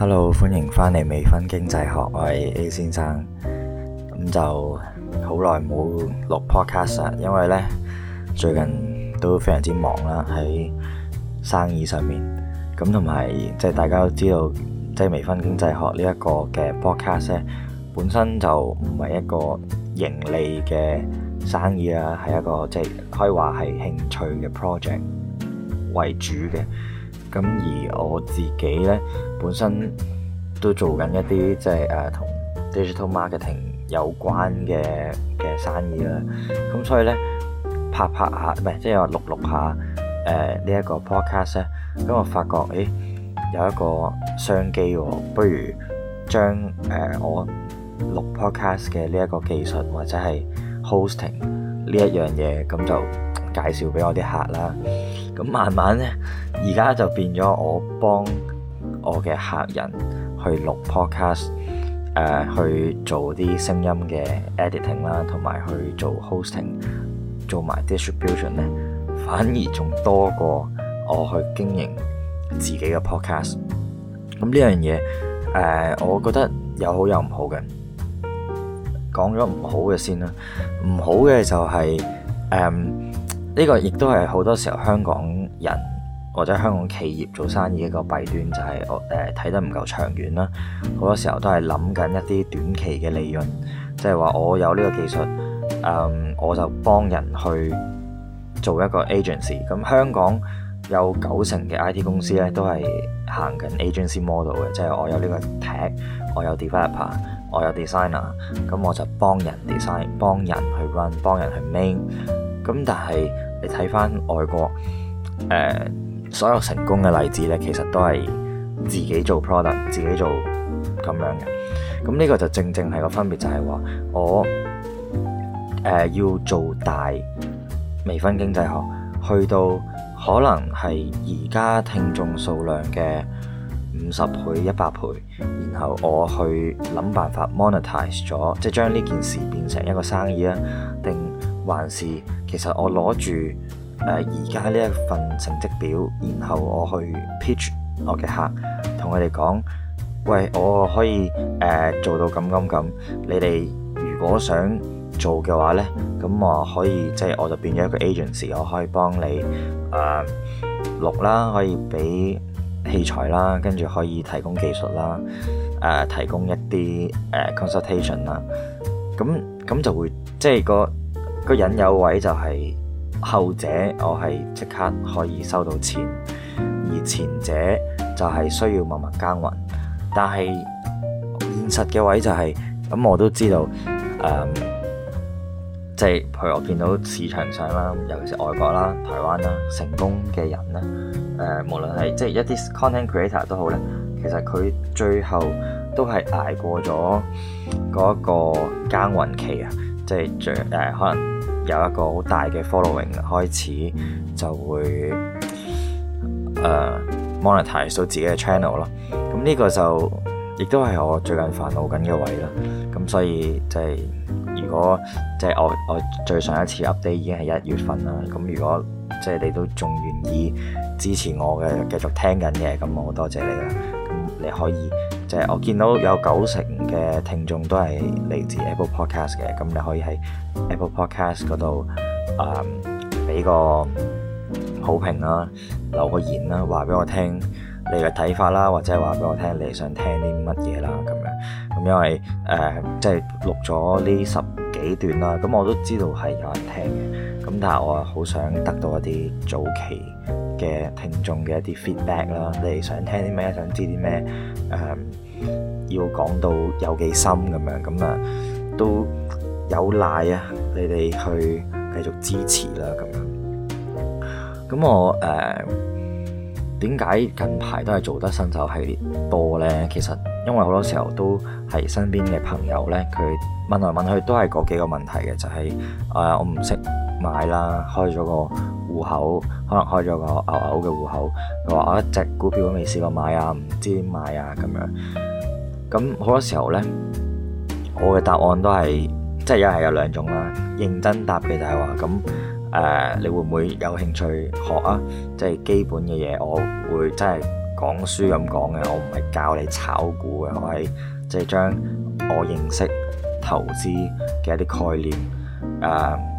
hello，歡迎翻嚟《微醺經濟學》，我係 A 先生，咁就好耐冇錄 podcast，因為咧最近都非常之忙啦，喺生意上面，咁同埋即係大家都知道，即係《微醺經濟學》呢一個嘅 podcast 咧，本身就唔係一個盈利嘅生意啦，係一個即係可以話係興趣嘅 project 為主嘅。咁而我自己咧，本身都做緊一啲即係誒同 digital marketing 有關嘅嘅生意啦。咁所以咧，拍拍下唔係即係我錄錄下誒呢一個 podcast 咧，咁我發覺誒有一個商機喎、哦，不如將誒、呃、我錄 podcast 嘅呢一個技術或者係 hosting 呢一樣嘢咁就，介紹俾我啲客啦，咁慢慢咧，而家就變咗我幫我嘅客人去錄 podcast，誒、呃、去做啲聲音嘅 editing 啦，同埋去做 hosting，做埋 distribution 咧，反而仲多過我去經營自己嘅 podcast。咁呢樣嘢，誒、呃，我覺得有好有唔好嘅。講咗唔好嘅先啦，唔好嘅就係、是、誒。嗯呢個亦都係好多時候香港人或者香港企業做生意一個弊端，就係我睇得唔夠長遠啦。好多時候都係諗緊一啲短期嘅利潤，即係話我有呢個技術、嗯，我就幫人去做一個 agency。咁香港有九成嘅 IT 公司咧，都係行緊 agency model 嘅，即係我有呢個 team，我有 developer，我有 designer，咁我就幫人 design，幫人去 run，幫人去 manage。咁但係你睇翻外國，誒、呃、所有成功嘅例子咧，其實都係自己做 product，自己做咁樣嘅。咁呢個就正正係個分別就，就係話我、呃、要做大微醺經濟學，去到可能係而家聽眾數量嘅五十倍、一百倍，然後我去諗辦法 monetize 咗，即係將呢件事變成一個生意啦。還是其實我攞住誒而家呢一份成績表，然後我去 pitch 我嘅客，同佢哋講：喂，我可以誒、呃、做到咁咁咁。你哋如果想做嘅話咧，咁我可以即係、就是、我就變咗一個 agency 我可以幫你誒、呃、錄啦，可以俾器材啦，跟住可以提供技術啦，誒、呃、提供一啲誒、呃、consultation 啦。咁咁就會即係、就是、個。嗰個引誘位就係後者，我係即刻可以收到錢；而前者就係需要默默耕耘。但係現實嘅位就係、是、咁，我都知道誒，即、嗯、係、就是、譬如我見到市場上啦，尤其是外國啦、台灣啦，成功嘅人咧，誒、呃，無論係即係一啲 content creator 都好咧，其實佢最後都係捱過咗嗰個耕耘期啊，即、就、係、是、最誒、呃、可能。有一個好大嘅 following 開始就會誒、uh, monetize 到自己嘅 channel 啦，咁呢個就亦都係我最近煩惱緊嘅位啦。咁所以即、就、係、是、如果即係、就是、我我最上一次 update 已經係一月份啦，咁如果即係、就是、你都仲願意支持我嘅繼續聽緊嘅，咁我好多謝你啦。咁你可以。即、就、係、是、我見到有九成嘅聽眾都係嚟自 Apple Podcast 嘅，咁你可以喺 Apple Podcast 嗰度啊俾個好評啦、啊，留個言啦、啊，話俾我聽你嘅睇法啦，或者係話俾我聽你想聽啲乜嘢啦，咁樣咁因為誒即係錄咗呢十幾段啦，咁我都知道係有人聽嘅，咁但係我好想得到一啲早期。嘅聽眾嘅一啲 feedback 啦，你哋想聽啲咩，想知啲咩，誒、嗯、要講到有幾深咁樣，咁啊都有賴啊你哋去繼續支持啦咁樣。咁我誒點解近排都係做得新手系列多咧？其實因為好多時候都係身邊嘅朋友咧，佢問來問去都係嗰幾個問題嘅，就係、是、誒、呃、我唔識。買啦，開咗個戶口，可能開咗個牛牛嘅戶口，佢話我一隻股票都未試過買啊，唔知點買啊咁樣。咁好多時候呢，我嘅答案都係即係又係有兩種啦。認真答嘅就係話咁誒，你會唔會有興趣學啊？即係基本嘅嘢，我會即係講書咁講嘅，我唔係教你炒股嘅，我係即係將我認識投資嘅一啲概念誒、呃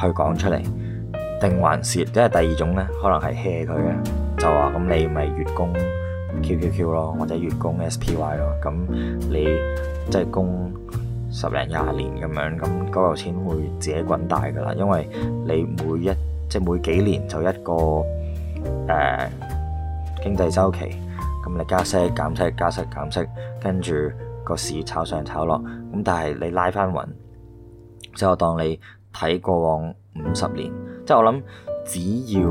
去講出嚟定還是即係第二種咧，可能係 hea 佢嘅，就話咁你咪月供 QQQ 咯，或者月供 SPY 咯，咁你即係供十零廿年咁樣，咁嗰嚿錢會自己滾大噶啦。因為你每一即係每幾年就一個誒、呃、經濟周期，咁你加息減息加息減息，跟住個市炒上炒落，咁但係你拉翻穩，即係我當你。睇過往五十年，即係我諗，只要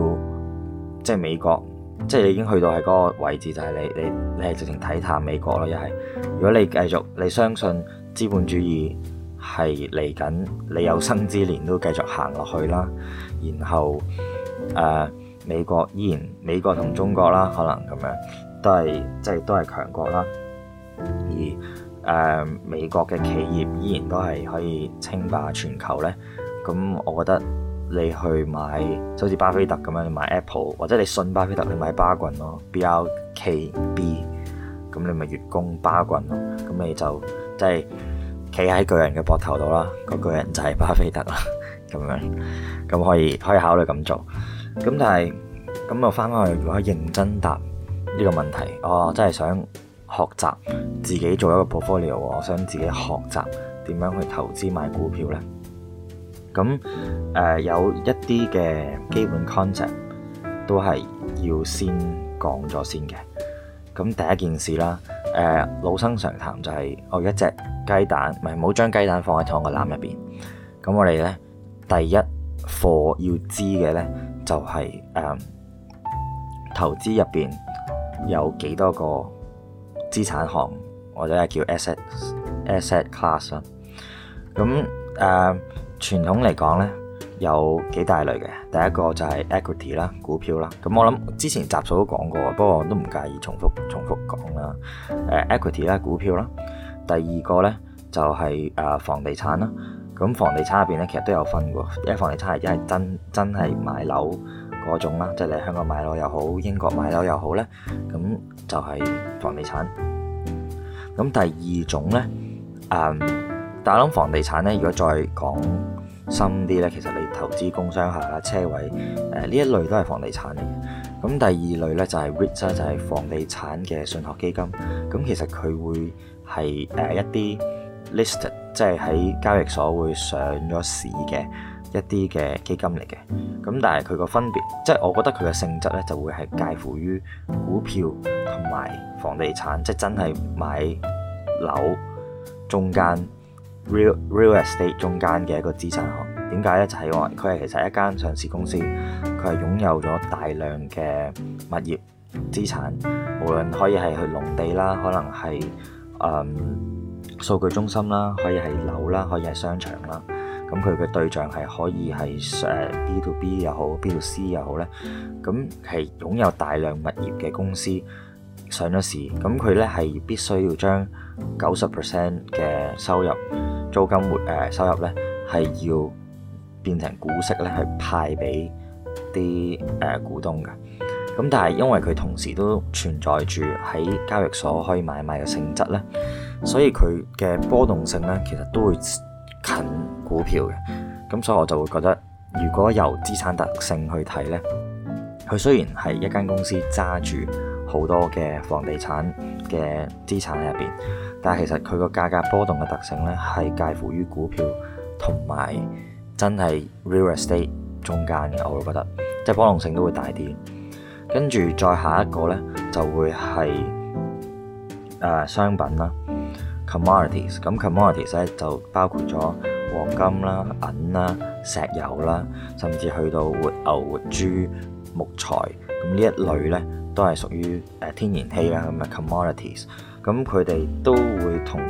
即係美國，即係你已經去到喺嗰個位置，就係、是、你你你係直情睇淡美國咯，一係如果你繼續你相信資本主義係嚟緊，你有生之年都繼續行落去啦。然後誒、呃，美國依然美國同中國啦，可能咁樣都係即係都係強國啦。而誒、呃，美國嘅企業依然都係可以稱霸全球咧。咁我覺得你去買，就好似巴菲特咁樣，你買 Apple 或者你信巴菲特，你買巴郡咯，BRKB，咁你咪月供巴郡咯，咁你就即係企喺巨人嘅膊頭度啦，個巨人就係巴菲特啦，咁樣，咁可以可以考慮咁做。咁但係咁我翻返去，如果認真答呢個問題，我真係想學習自己做一個 portfolio，我想自己學習點樣去投資買股票呢？咁誒、呃、有一啲嘅基本 concept 都係要先講咗先嘅。咁第一件事啦，誒、呃、老生常談就係、是、我有一隻雞蛋，唔係唔好將雞蛋放喺同一個籃入邊。咁我哋咧第一課要知嘅咧就係、是、誒、嗯、投資入邊有幾多個資產項或者係叫 asset asset class 啊。咁、嗯、誒。傳統嚟講咧，有幾大類嘅。第一個就係 equity 啦，股票啦。咁我諗之前集數都講過，不過我都唔介意重複重複講啦。誒、uh,，equity 啦，股票啦。第二個咧就係、是、誒房地產啦。咁房地產入邊咧其實都有分嘅，一係房地產是，一係真真係買樓嗰種啦，即係你喺香港買樓又好，英國買樓又好咧，咁就係房地產。咁、嗯、第二種咧，嗯、um,。但係，諗房地產咧，如果再講深啲咧，其實你投資工商下車位，誒、呃、呢一類都係房地產嚟嘅。咁第二類咧就係 REIT 啦，就係、是、房地產嘅信託基金。咁其實佢會係誒一啲 listed 即係喺交易所會上咗市嘅一啲嘅基金嚟嘅。咁但係佢個分別，即、就、係、是、我覺得佢嘅性質咧就會係介乎於股票同埋房地產，即、就、係、是、真係買樓中間。Real real estate 中間嘅一個資產行，點解咧？就係話佢係其實一間上市公司，佢係擁有咗大量嘅物業資產，無論可以係去農地啦，可能係誒數據中心啦，可以係樓啦，可以係商場啦。咁佢嘅對象係可以係誒 B to B 又好，B to C 又好咧。咁係擁有大量物業嘅公司上咗市，咁佢咧係必須要將九十 percent 嘅收入，租金活、呃、收入咧，係要變成股息咧，去派俾啲誒股東嘅。咁但係因為佢同時都存在住喺交易所可以買賣嘅性質咧，所以佢嘅波動性咧，其實都會近股票嘅。咁所以我就會覺得，如果由資產特性去睇咧，佢雖然係一間公司揸住好多嘅房地產嘅資產喺入邊。但係其實佢個價格波動嘅特性咧，係介乎於股票同埋真係 real estate 中間嘅，我會覺得即係波動性都會大啲。跟住再下一個咧，就會係誒、呃、商品啦，commodities。咁 commodities 咧就包括咗黃金啦、銀啦、石油啦，甚至去到活牛、活豬、木材，咁呢一類咧都係屬於誒、呃、天然氣啦咁嘅 commodities。咁佢哋都會同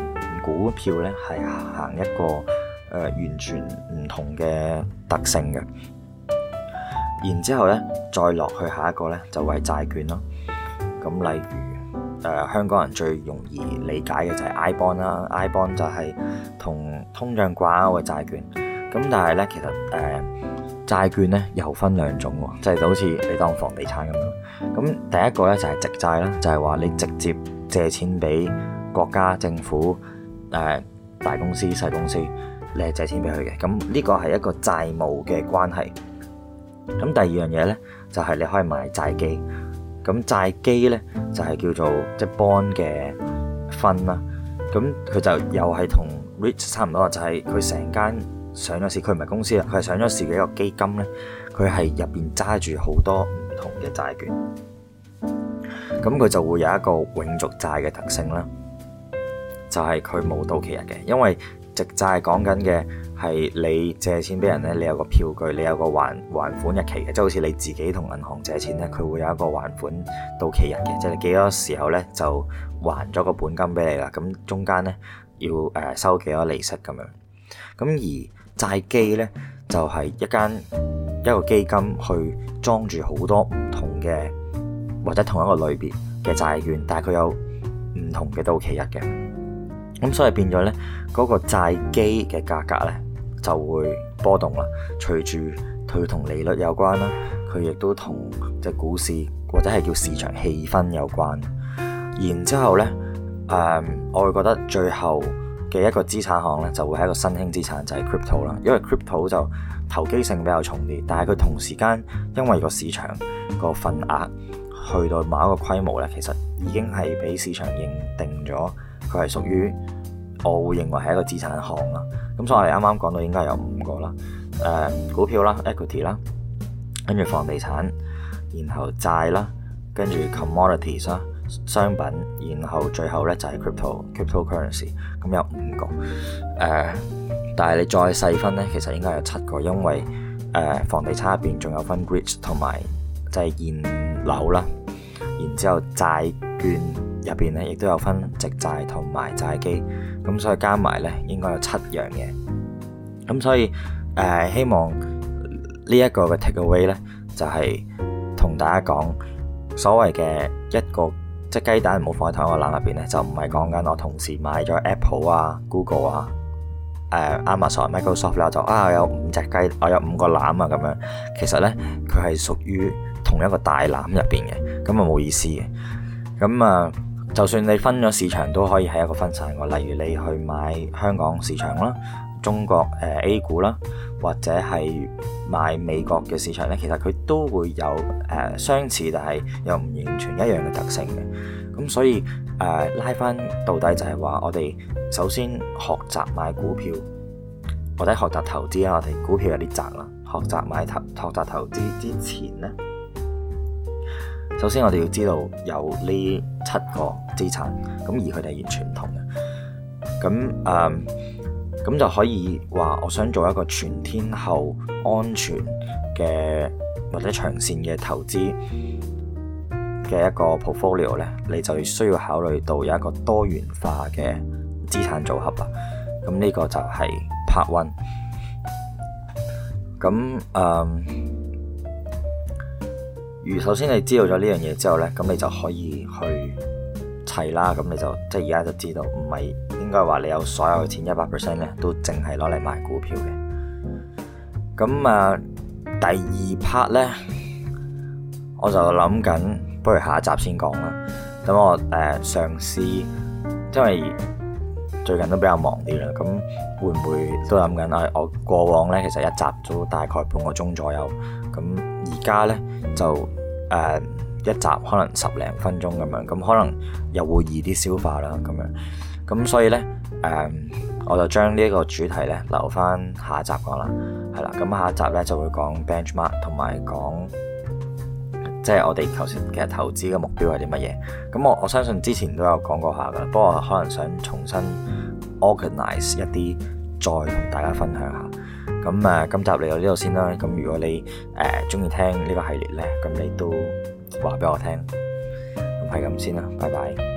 股票咧係行一個誒、呃、完全唔同嘅特性嘅。然之後咧，再落去下一個咧就係債券咯。咁例如誒、呃、香港人最容易理解嘅就係 iBond 啦，iBond 就係同通脹掛鈎嘅債券。咁但係咧，其實誒、呃、債券咧又分兩種喎，就係、是、好似你當房地產咁。咁第一個咧就係、是、直債啦，就係、是、話你直接，借錢俾國家政府、誒、呃、大公司、細公司，你係借錢俾佢嘅，咁呢個係一個債務嘅關係。咁第二樣嘢咧，就係、是、你可以買債基。咁債基咧就係、是、叫做即係、就是、bond 嘅 fund 啦。咁佢就又係同 rich 差唔多，就係佢成間上咗市，佢唔係公司啊，佢係上咗市嘅一個基金咧，佢係入邊揸住好多唔同嘅債券。咁佢就會有一個永續債嘅特性啦，就係佢冇到期日嘅，因為直債講緊嘅係你借錢俾人咧，你有個票據，你有個還還款日期嘅，即係好似你自己同銀行借錢咧，佢會有一個還款到期日嘅，即係你幾多時候咧就還咗個本金俾你啦。咁中間咧要誒收幾多利息咁樣。咁而債基咧就係、是、一間一個基金去裝住好多唔同嘅。或者同一個類別嘅債券，但係佢有唔同嘅到期日嘅，咁所以變咗呢嗰、那個債基嘅價格呢，就會波動啦。隨住佢同利率有關啦，佢亦都同即股市或者係叫市場氣氛有關。然之後呢，誒、嗯、我會覺得最後嘅一個資產項呢，就會係一個新興資產就係、是、crypto 啦，因為 crypto 就投機性比較重啲，但係佢同時間因為個市場個份額，去到某一個規模咧，其實已經係俾市場認定咗，佢係屬於我會認為係一個資產行啦。咁所以我哋啱啱講到應該有五個啦，誒、呃、股票啦 equity 啦，跟住房地產，然後債啦，跟住 commodities 啦，商品，然後最後咧就係 crypto cryptocurrency 咁、嗯、有五個誒、呃。但係你再細分咧，其實應該有七個，因為誒、呃、房地產入邊仲有分 REITs 同埋即係現。樓啦，然之後債券入邊咧，亦都有分直債同埋債基，咁所以加埋咧，應該有七樣嘢。咁所以誒、呃，希望呢一個嘅 takeaway 咧，就係、是、同大家講所謂嘅一個，即係雞蛋唔好放喺同一個籃入邊咧，就唔係講緊我同時買咗 Apple 啊、Google 啊、誒、uh,、Amazon、啊、Microsoft 啦，我就啊我有五隻雞，我有五個籃啊咁樣。其實咧，佢係屬於。同一個大籃入邊嘅，咁啊冇意思嘅。咁啊，就算你分咗市場，都可以喺一個分散個。例如你去買香港市場啦，中國誒 A 股啦，或者係買美國嘅市場咧，其實佢都會有誒、呃、相似，但係又唔完全一樣嘅特性嘅。咁所以誒、呃、拉返到底就係話，我哋首先學習買股票，或者學習投資啊。我哋股票有啲雜啦，學習買投學，學習投資之前咧。首先我哋要知道有呢七個資產，咁而佢哋係完全唔同嘅，咁嗯，咁就可以話我想做一個全天候安全嘅或者長線嘅投資嘅一個 portfolio 咧，你就需要考慮到有一個多元化嘅資產組合啊，咁呢個就係 part one，咁嗯。如首先你知道咗呢樣嘢之後呢，咁你就可以去砌啦。咁你就即係而家就知道，唔係應該話你有所有嘅錢一百 percent 咧，都淨係攞嚟賣股票嘅。咁啊，第二 part 呢，我就諗緊，不如下一集先講啦。等我誒，呃、嘗試因為最近都比較忙啲啦，咁會唔會都諗緊？我過往呢，其實一集都大概半個鐘左右。咁而家呢，就誒、呃、一集可能十零分鐘咁樣，咁可能又會易啲消化啦咁樣。咁所以呢，誒、呃，我就將呢一個主題呢留翻下一集講啦，係啦。咁下一集呢就會講 benchmark 同埋講，即係我哋頭先其實投資嘅目標係啲乜嘢。咁我我相信之前都有講過下噶，不過我可能想重新 organize 一啲，再同大家分享下。咁啊，今集嚟到呢度先啦。咁如果你誒鍾意聽呢個系列呢，咁你都話畀我聽。咁係咁先啦，拜拜。